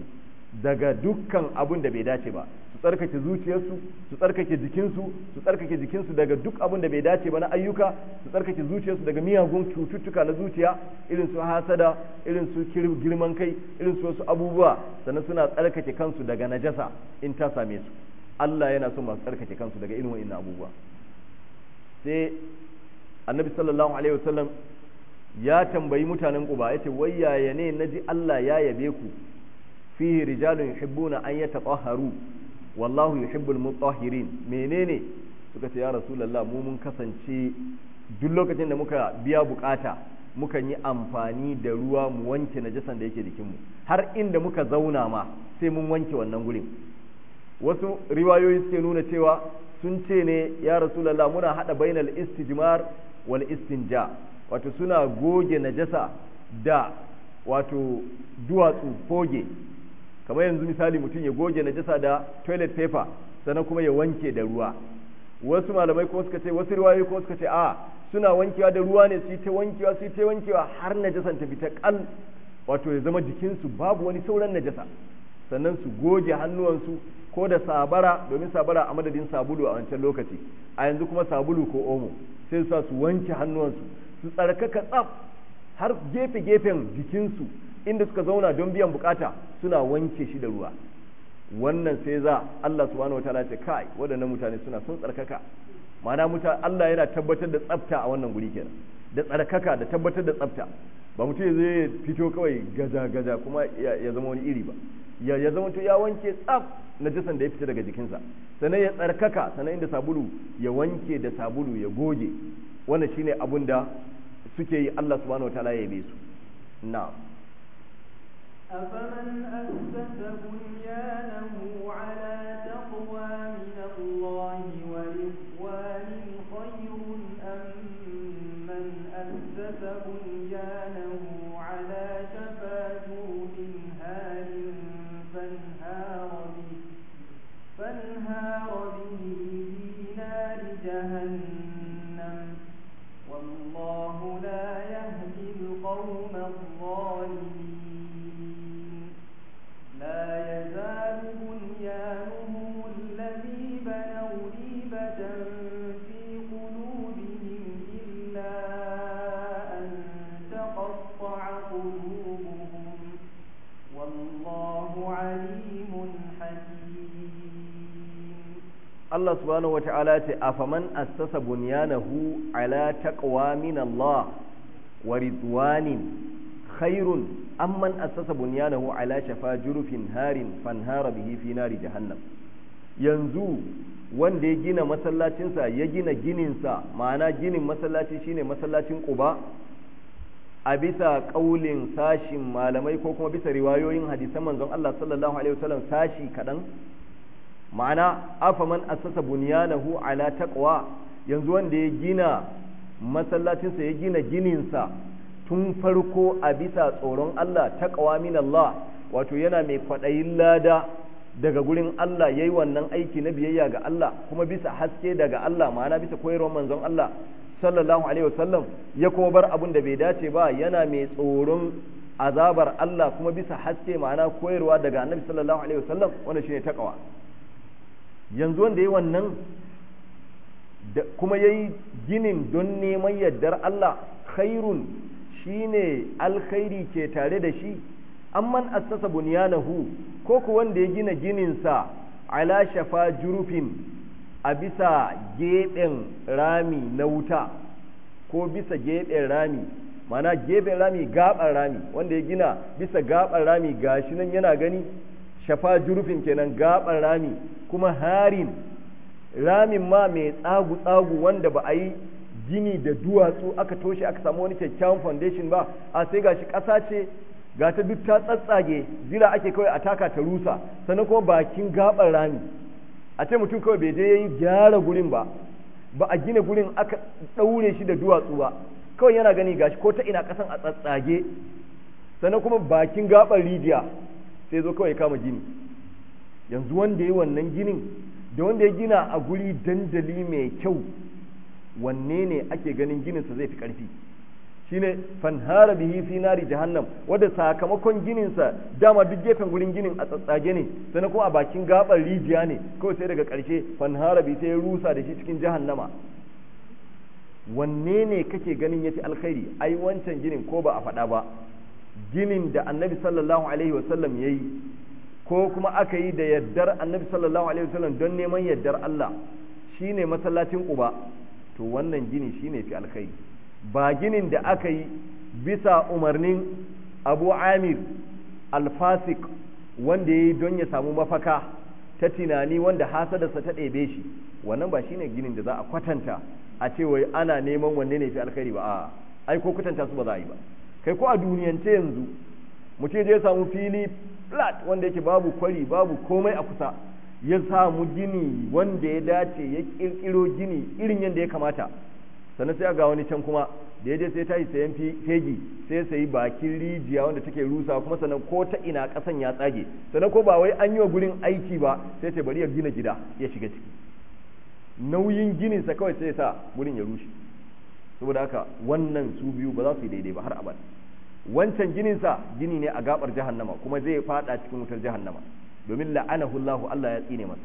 daga dukkan abin da bai dace ba su tsarkake zuciyarsu su tsarkake jikinsu su tsarkake jikinsu daga duk abin da bai dace ba na ayyuka su tsarkake zuciyarsu daga miyagun cututtuka na zuciya irin su hasada irin su girman kai irin su wasu abubuwa sannan suna tsarkake kansu daga najasa in ta same su Allah yana son masu tsarkake kansu daga irin wa'annan abubuwa sai annabi sallallahu alaihi wasallam ya tambayi mutanen Quba yace wai yaya ne naji Allah ya yabe ku fihi rijalun yuhibbuna an yatahharu wallahu yuhibbul mutahhirin menene suka ce ya rasulullah mu mun kasance duk lokacin da muka biya bukata mukan yi amfani da ruwa mu wanke najasan da yake jikinmu har inda muka zauna ma sai mun wanke wannan gurin wasu riwayoyi suke nuna cewa sun ce ne ya rasulullah muna hada bainal istijmar wal istinja wato suna goge najasa da wato duwatsu foge kamar yanzu misali mutum ya goge najasa da toilet paper sannan kuma ya wanke da ruwa wasu malamai kuma suka ce wasu riwayoyi kuma suka ce a suna wankewa da ruwa ne su ta wankewa su ta wankewa har najasan ta fita kal wato ya zama jikinsu babu wani sauran najasa sannan su goge hannuwansu ko da sabara domin sabara a madadin sabulu a wancan lokaci a yanzu kuma sabulu ko omo sai su su wanke hannuwansu su tsarkaka tsaf har gefe-gefen jikinsu inda suka zauna don biyan bukata suna wanke shi da ruwa wannan sai za Allah subhanahu wataala ce kai waɗannan mutane suna sun tsarkaka ma'ana muta Allah yana tabbatar da tsafta a wannan guri kenan da tsarkaka da tabbatar da tsafta ba mutum zai fito kawai gaza gaza kuma ya zama wani iri ba ya zama to ya wanke tsaf na jisan da ya fita daga jikinsa sannan ya tsarkaka sannan inda sabulu ya wanke da sabulu ya goge wannan shine abun da suke yi Allah subhanahu wataala ya yabe su na'am أفمن أسس بنيانه على تقوى من الله ورضوان خير أم من أسس بنيانه على شفا جرد هار فانهار به, فانهار به في نار جهنم Allah subhanahu wa ta'ala ce afaman assasa bunyanahu ala taqwa min Allah wa ridwanin khairun amman assasa bunyanahu ala shafa jurufin harin fanhara bihi fi nari jahannam yanzu wanda ya gina masallacinsa ya gina gininsa ma'ana ginin masallaci shine masallacin quba a bisa kaulin sashin malamai ko kuma bisa riwayoyin hadisan manzon Allah sallallahu alaihi wasallam sashi kaɗan. ma'ana afaman asasa bunyanahu ala taqwa yanzu wanda ya gina masallacinsa ya gina gininsa tun farko a bisa tsoron Allah taqwa min Allah wato yana mai kwaɗayin lada daga gurin Allah yayi wannan aiki na biyayya ga Allah kuma bisa haske daga Allah ma'ana bisa koyarwar manzon Allah sallallahu alaihi wasallam ya kuma bar abin da bai dace ba yana mai tsoron azabar Allah kuma bisa haske ma'ana koyarwa daga annabi sallallahu alaihi wasallam wannan shine taqwa yanzu wanda ya wannan kuma ya yi ginin don neman yaddar Allah khairun shine alkhairi ke tare da shi an amman assasa bunyanahu ko ku wanda ya gina gininsa ala shafa jurufin a bisa geɓen rami na wuta ko bisa geɓen rami mana geɓen rami gaban rami wanda ya gina bisa gaban rami gashi nan yana gani shafa jurufin kenan gaban rami kuma harin ramin ma mai tsagu-tsagu wanda ba a yi gini da duwatsu aka toshe aka samu wani kyakkyawan foundation ba a sai gashi ƙasa ce ga ta duk ta tsatsage jira ake kawai a taka ta rusa sannan kuma bakin gabar rami a ce mutum kawai bai je ya yi gyara gurin ba ba a gina gurin aka ɗaure shi da duwatsu ba kawai yana gani gashi ko ta ina ƙasan a tsatsage sannan kuma bakin gabar rijiya sai zo kawai kama gini yanzu wanda ya wannan ginin da wanda ya gina a guri dandali mai kyau wanne ne ake ganin gininsa zai fi karfi shine fanhara bihi fi nari jahannam wanda sakamakon gininsa dama duk gefen gurin ginin a tsatsage ne sannan kuma a bakin gabar rijiya ne kawai sai daga karshe fanhara bihi sai rusa da shi cikin jahannama wanne ne kake ganin yafi alkhairi ai wancan ginin ko ba a faɗa ba ginin da annabi sallallahu alaihi wasallam ya yi ko kuma aka yi da yaddar annabi sallallahu alaihi wasallam don neman yaddar Allah shine masallacin Quba to wannan gini shine fi alkhairi ba ginin da aka yi bisa umarnin Abu Amir al-Fasik wanda yayi don ya samu mafaka ta tunani wanda hasadarsa ta ɗebe shi wannan ba shine ginin da za a kwatanta a ce wai ana neman wanne ne fi alkhairi ba a'a ai ko kwatanta su ba za a yi ba kai ko a duniyance yanzu mu ce je samu fili flat wanda yake babu kwari babu komai a kusa ya samu gini wanda ya dace ya kirkiro gini irin yadda ya kamata sannan sai ga wani can kuma da ya je sai tashi sayan fegi sai sai bakin rijiya wanda take rusa kuma sannan ko ta ina kasan ya tsage sannan ko ba wai an yi wa gurin aiki ba sai ta bari ya gina gida ya shiga ciki nauyin ginin sa kawai sai sa gurin ya rushe saboda haka wannan su biyu ba za su yi daidai ba har abada wancan jininsa jini ne a gabar jahannama kuma zai fada cikin wutar jahannama domin la'anahu Allah Allah ya tsine masa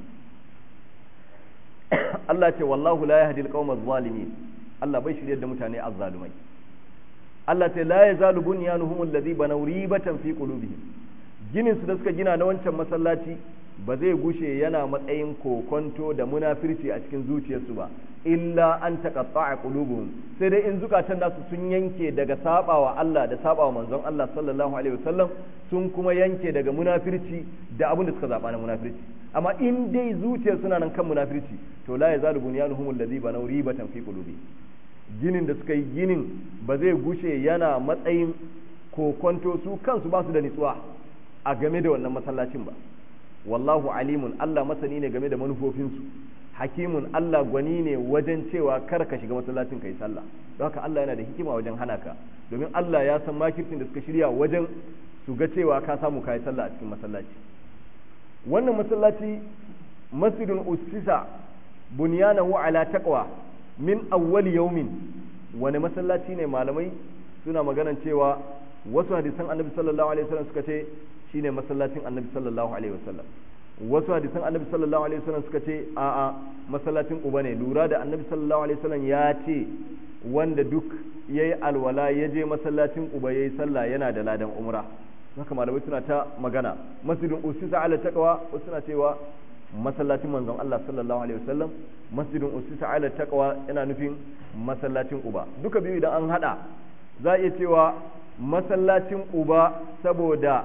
Allah ce wallahu la yahdi alqawma zalimin Allah bai shirye da mutane azzalumai Allah ce la yazalu bunyanuhum alladhi banaw ribatan fi qulubihim ginin su da suka gina na wancan masallaci ba zai gushe yana matsayin kokonto da munafirci a cikin zuciyarsu ba illa an taqatta'a qulubuhum sai dai in zukatan nasu sun yanke daga sabawa Allah da sabawa manzon Allah sallallahu alaihi wasallam sun kuma yanke daga munafirci da abin da suka zaba na munafirci amma in dai zuciyar suna nan kan munafirci to la yazalu bunyanuhum alladhi banaw ribatan fi qulubi ginin da suka yi ginin ba zai gushe yana matsayin kokonto su kansu ba su da nitsuwa a game da wannan masallacin ba wallahu alimun Allah masani ne game da manufofinsu hakimun Allah gwani ne wajen cewa kar ka shiga masallacin kai sallah don haka Allah yana da hikima wajen hana ka domin Allah ya san makircin da suka shirya wajen su ga cewa ka samu kai sallah a cikin masallaci wannan masallaci masjidun ussisa bunyanahu ala taqwa min awwal yawmin wani masallaci ne malamai suna maganan cewa wasu hadisan annabi sallallahu alaihi wasallam suka ce shine masallacin annabi sallallahu alaihi wasallam wasu hadisan annabi sallallahu alaihi wasallam suka ce a'a masallacin uba ne lura da annabi sallallahu alaihi wasallam ya ce wanda duk ya yi alwala ya je masallacin uba ya yi sallah yana da ladan umra haka malamai suna ta magana masjidin usisa ala taqwa wasu suna cewa masallacin manzon Allah sallallahu alaihi wasallam masjidin usisa ala taqwa yana nufin masallacin uba duka biyu idan an hada za a iya cewa masallacin uba saboda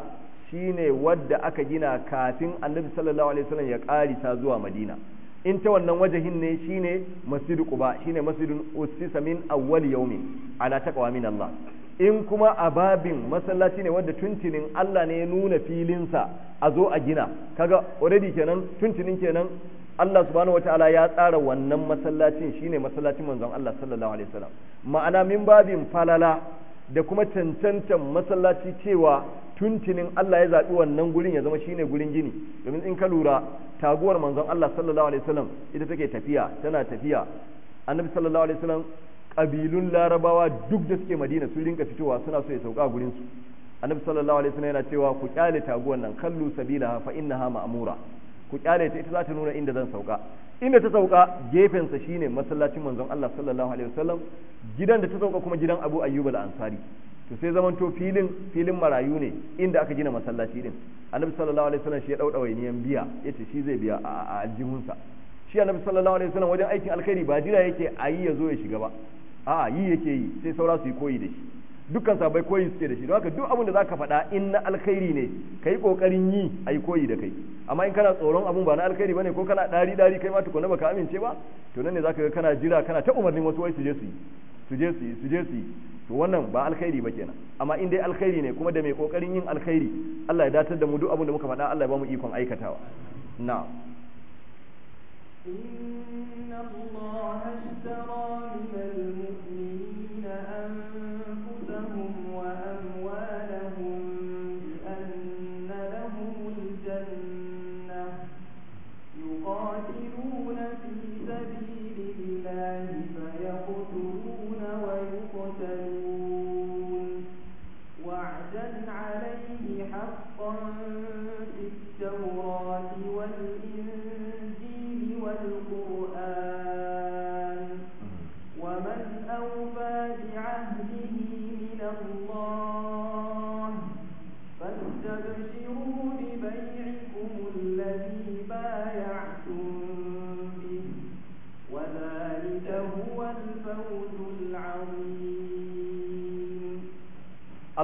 shine wadda aka gina kafin annabi sallallahu alaihi wasallam ya ta zuwa madina in ta wannan wajahin ne shine masjidu quba shine masjidun usisa min awwal yawmin ala taqwa min Allah in kuma a babin masallaci ne wadda tuntunin Allah ne ya nuna filinsa a zo a gina kaga already kenan tuntunin kenan Allah subhanahu wataala ya tsara wannan masallacin shine masallacin manzon Allah sallallahu alaihi wasallam ma'ana min babin falala da kuma cancantan masallaci cewa tuntunin Allah ya zaɓi wannan gurin ya zama shine gurin gini domin in ka lura taguwar manzon Allah sallallahu alaihi wasallam ita take tafiya tana tafiya annabi sallallahu alaihi wasallam kabilun larabawa duk da suke madina su rinka fitowa suna so ya sauka gurin su annabi sallallahu alaihi wasallam yana cewa ku kyale taguwar nan kallu sabila fa innaha ma'mura ku kyale ta ita za ta nuna inda zan sauka inda ta sauka gefensa shine masallacin manzon Allah sallallahu alaihi wasallam gidan da ta sauka kuma gidan Abu Ayyub al-Ansari to sai zaman to filin filin marayu ne inda aka gina masallaci din annabi sallallahu alaihi wasallam shi ya dauda wainiyan biya yace shi zai biya a aljihunsa shi annabi sallallahu alaihi wasallam wajen aikin alkhairi ba jira yake ayi yazo ya shiga ba a yi yake yi sai saura su yi koyi da shi dukkan sabai koyi suke da shi don haka duk abin da zaka faɗa in na alkhairi ne kai kokarin yi ayi koyi da kai amma in kana tsoron abun ba na alkhairi bane ko kana dari dari kai ma ba baka amince ba to nan ne zaka ga kana jira kana ta umarnin wasu wai su je su yi su je su yi su je su yi to wannan ba alkhairi ba kenan amma in dai alkhairi ne kuma da mai kokarin yin alkhairi Allah ya datar da mu duk abin da muka faɗa Allah ya ba mu ikon aikatawa na'am inna allaha ashtara min al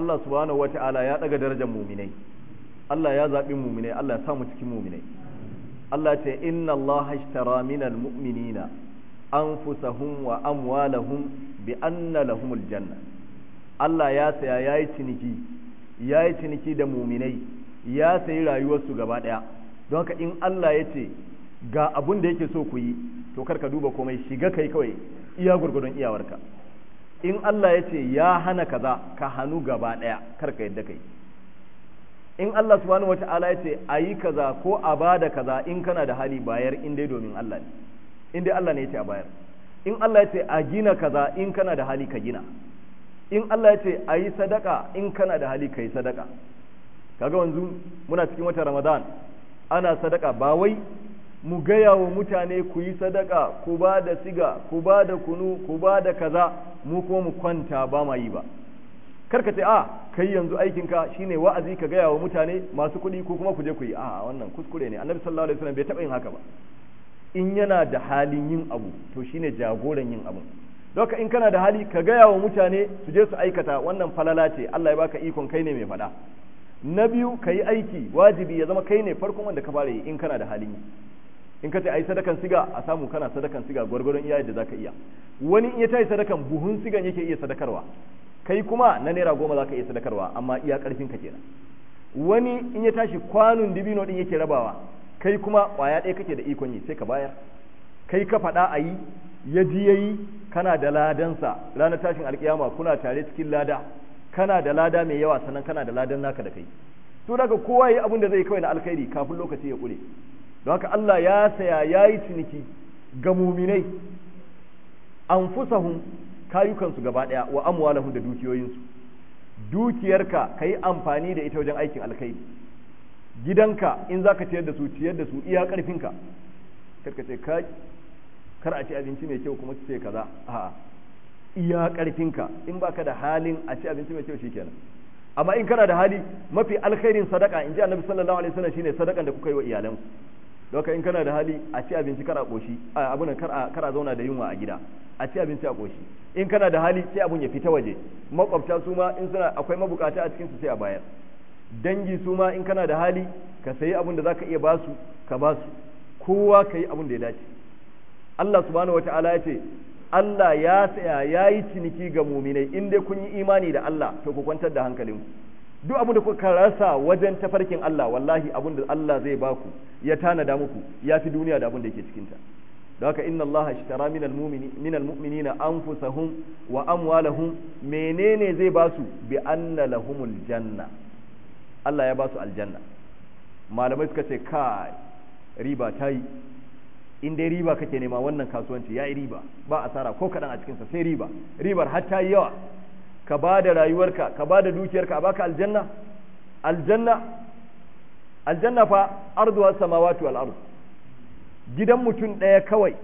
Allah subhanahu wata'ala ya daga darajar muminai Allah ya zabi muminai Allah ya sa mu cikin muminai Allah ce inna Allah ishtara minal mu'minina anfusahum wa amwalahum bi anna lahumul janna Allah ya saya yayi ciniki yayi ciniki da muminai ya sayi rayuwarsu gaba daya don haka in Allah ya ce ga abun da yake so ku yi to karka duba komai shiga kai kawai iya gurgudun iyawarka in Allah ya ce ya hana kaza ka hannu gaba ɗaya karka ka yadda kai in Allah subhanahu wata'ala ya ce a yi kaza ko a ba da kaza in kana da hali bayar in dai domin Allah ne in dai Allah ne ya ce a bayar in Allah ya ce a gina kaza in kana da hali ka gina in Allah ya ce a yi sadaka in kana da hali ka sadaka kaga wanzu muna cikin watan Ramadan ana sadaka ba wai mu gaya wa mutane ku yi sadaka ku ba da siga ku ba da kunu ku ba da kaza mu ko mu kwanta ba ma yi ba karka ce a ah, kai yanzu aikinka shine wa'azi ka gaya wa mutane masu kuɗi ko kuma ku je ku yi a wannan kuskure ne annabi sallallahu alaihi wasallam bai taɓa yin haka ba in yana da halin yin abu to shine jagoran yin abu doka in kana da hali ka gaya wa mutane su je su aikata wannan falala ce Allah ya baka ikon kai ne mai faɗa na biyu ka yi aiki wajibi ya zama kai ne farkon wanda ka fara yi in kana da halin yi in ka ce ai sadakan siga a samu kana sadakan siga gwargwaron iyayen da zaka iya wani in ya tayi sadakan buhun sigan yake iya sadakarwa kai kuma na naira goma zaka iya sadakarwa amma iya karfin ka kenan wani in ya tashi kwanun dibino din yake rabawa kai kuma kwaya ɗaya kake da ikon yi sai ka bayar kai ka faɗa a yi ya ji ya yi kana da ladansa ranar tashin alkiyama kuna tare cikin lada kana da lada mai yawa sannan kana da ladan naka da kai to daga kowa yi abin da zai kawai na alkhairi kafin lokaci ya ƙure don haka Allah ya saya ya yi ciniki ga muminai hun kayukansu gaba daya wa amwalahum da dukiyoyinsu dukiyarka ka yi amfani da ita wajen aikin alkhairi gidanka in za ka ciyar da su ciyar da su iya karfinka karka ce kar a ci abinci mai kyau kuma ce kaza a'a iya ƙarfinka in baka da halin a ci abinci mai kyau shikenan amma in kana da hali mafi alkhairin sadaka in ji annabi sallallahu alaihi wasallam shine sadakan da kuka yi wa iyalanku doka in kana da hali a ci abinci kar a koshi abun kar kar a zauna da yunwa a gida a ci abinci a koshi in kana da hali sai abun ya fita waje makwabta su ma in suna akwai mabukata a cikin su sai a bayar dangi su ma in kana da hali ka sayi abun da zaka iya basu ka basu kowa ka yi abun da ya dace Allah subhanahu wataala ya ce Allah ya tsaya yayi ciniki ga muminai in dai kun yi imani da Allah to ku kwantar da hankalinku duk abin da kuka rasa wajen tafarkin Allah wallahi abin da Allah zai baku ya tanada muku ya fi duniya da abin da yake cikinta da haka inna Allah ashtara min almuminina mu'minina anfusahum wa amwalahum menene zai basu bi anna lahumul janna Allah ya basu aljanna malamai suka ce kai riba ta in dai riba kake nema wannan kasuwanci ya yi riba ba asara ko kaɗan a cikinsa sai riba ribar har ta yi yawa ka ba da rayuwarka ka ba da dukiyarka a baka aljanna aljanna aljanna fa arduwa samawati wal ard gidan mutum daya kawai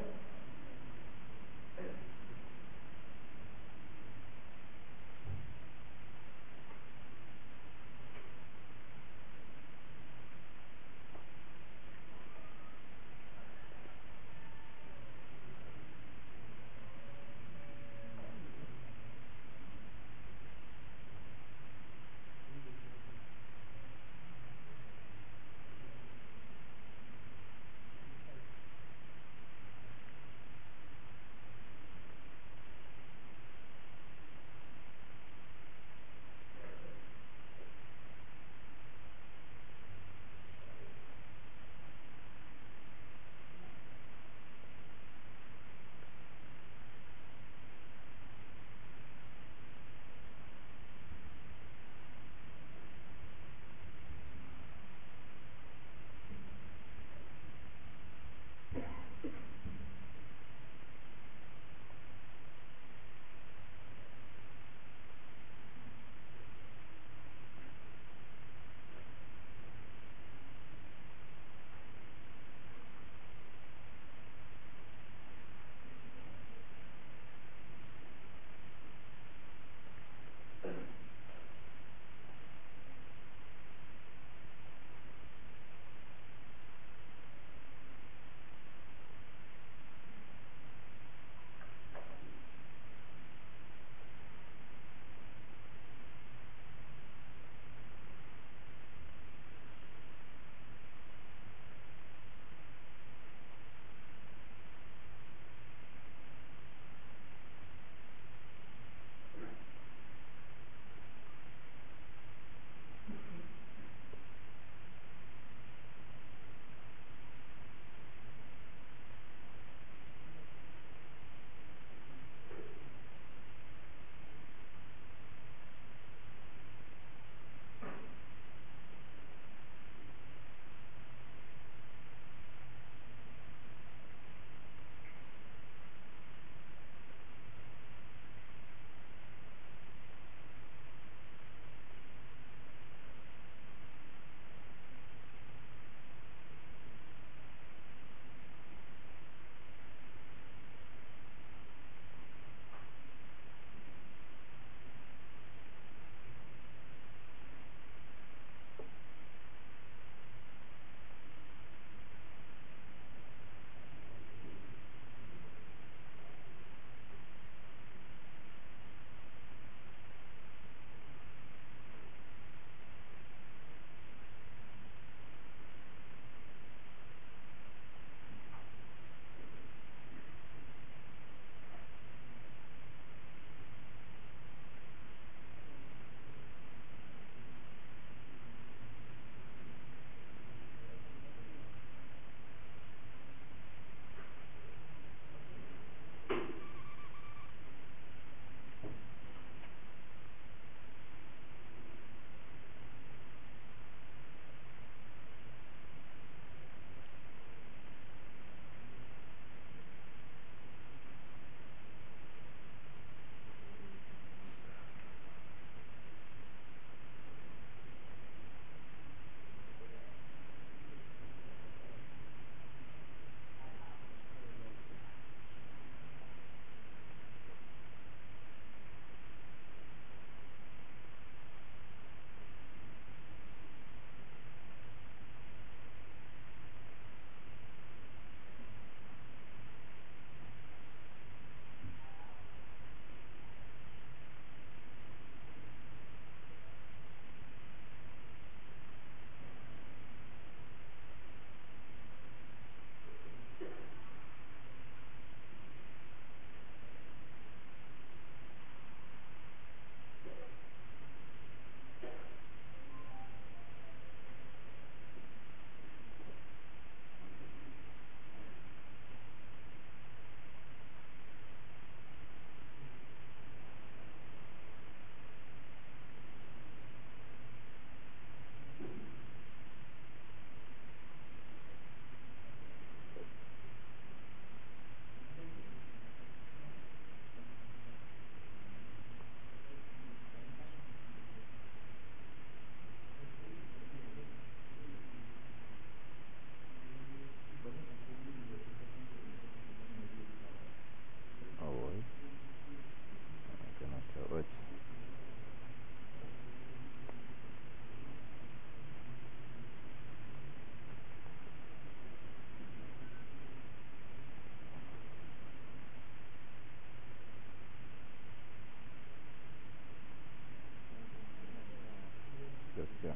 gaskiya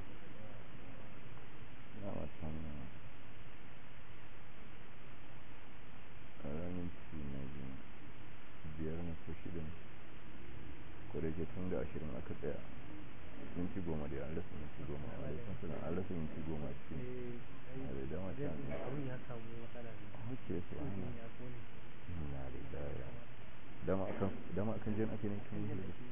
za a ranar na biyu biyar na ko ko da ke tun da ashirin aka tsaya goma da goma a rasa suna an rasa minti goma a da ne abin ya samu matsala ne su na da dama akan jan ake ne tun yi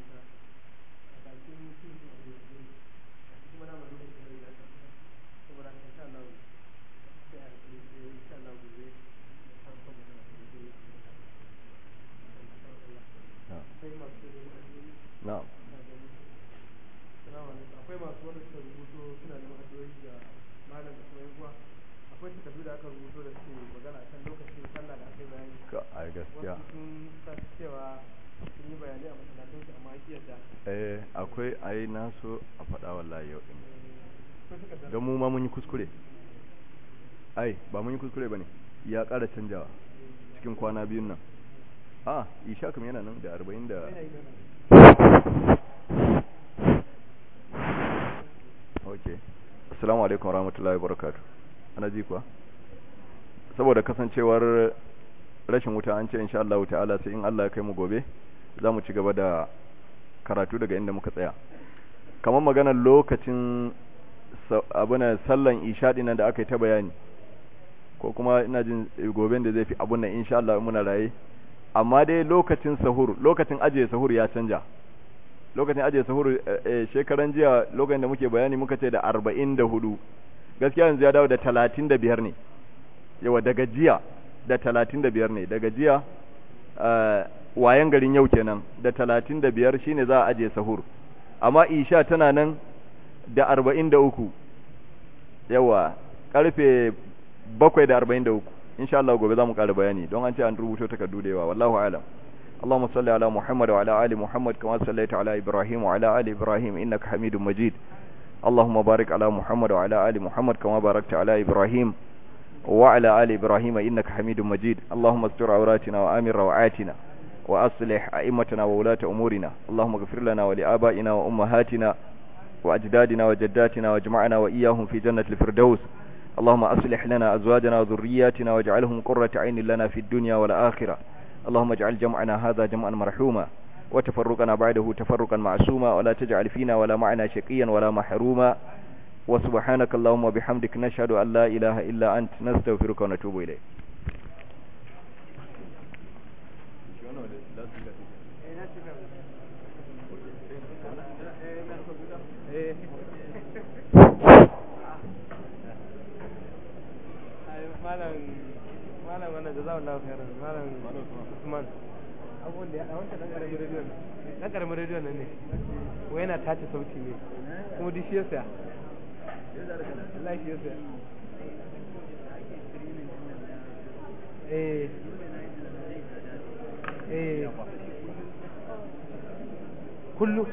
da aka rubuto da suke magana kan lokacin sallah da aka bayani ka ai gaskiya sun cewa sun yi bayani a su amma ki yadda eh akwai ai na so a faɗa wallahi yau din eh, don mu ma mun yi kuskure ai ba mun yi kuskure bane ya ƙara canjawa cikin kwana biyun nan a isha kam yana nan da arba'in da ok assalamu alaikum warahmatullahi wabarakatuh ana ji kuwa saboda kasancewar rashin wuta an ce insha Allah ta'ala sai in Allah ya kai mu gobe za mu ci gaba da karatu daga inda muka tsaya kamar maganar lokacin abuna sallan ishaɗi nan da aka yi ta bayani ko kuma ina jin goben da zai fi abun nan insha Allah muna raye amma dai lokacin sahur lokacin ajiye sahur ya canja lokacin ajiye sahur eh, eh, shekaran jiya lokacin da muke bayani muka ce da 44 gaskiya yanzu ya dawo da 35 ne yawa daga jiya da talatin da biyar ne daga jiya eh, wayan garin yau kenan da talatin da biyar shine za a ajiye sahur amma isha tana nan da arba'in da uku yawa karfe bakwai da arba'in da uku insha Allah gobe za mu ƙara bayani don an ce an rubuto takardu da yawa wallahu alam اللهم صل على محمد وعلى آل محمد كما صليت على إبراهيم وعلى آل إبراهيم إنك حميد مجيد اللهم بارك على محمد وعلى آل محمد كما باركت على إبراهيم وعلى آل إبراهيم إنك حميد مجيد اللهم استر عوراتنا وآمن روعاتنا وأصلح أئمتنا وولاة أمورنا اللهم اغفر لنا ولآبائنا وأمهاتنا وأجدادنا وجداتنا واجمعنا وإياهم في جنة الفردوس اللهم أصلح لنا أزواجنا وذرياتنا واجعلهم قرة عين لنا في الدنيا والآخرة اللهم اجعل جمعنا هذا جمعا مرحوما وتفرقنا بعده تفرقا معصوما ولا تجعل فينا ولا معنا شقيا ولا محروما wa subhanaka allahumma نشهد أن لا إله إلا أنت نستغفرك ونتوب إليك malam wannan yana tace sauti ne Allah shi yasa eh eh kullu